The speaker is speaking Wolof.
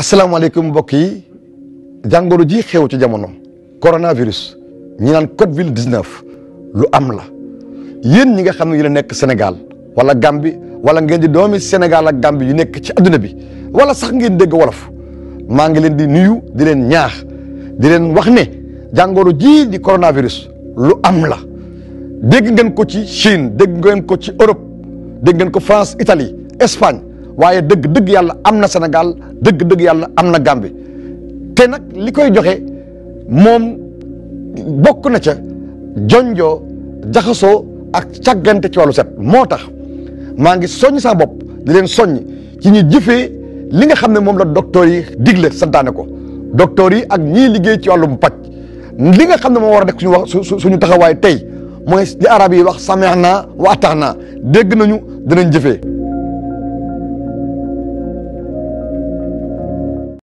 asalaamaaleykum mbokk yi jàngoro ji xew ci jamono coronavirus ñi naan Covid 19 lu am la yéen ñi nga xam ne yéen nekk Sénégal wala Gambie wala ngeen di doomi Sénégal ak Gambie yu nekk ci adduna bi wala sax ngeen dégg wolof maa ngi leen di nuyu di leen ñaax di leen wax ne jàngoro ji di coronavirus lu am la dégg ngeen ko ci Chine dégg ngeen ko ci Europe dégg ngeen ko France Italie Espagne. waaye dëgg dëgg yàlla am na senegal dëgg dëgg yàlla am na Gambie te nag li koy joxe moom bokk na ca jonjoo jaxasoo ak càggante ci wàllu set moo tax maa ngi soñ saa bopp di leen soññ ci ñu jëfee li nga xam ne moom la docteur yi digle santaane ko docteur yi ak ñii liggéey ci wàllum paj li nga xam ne moo war a nekk suñu wax suñu taxawaay tey mooy li arab yi wax sami'na wa ata'na dégg nañu dinañ jëfee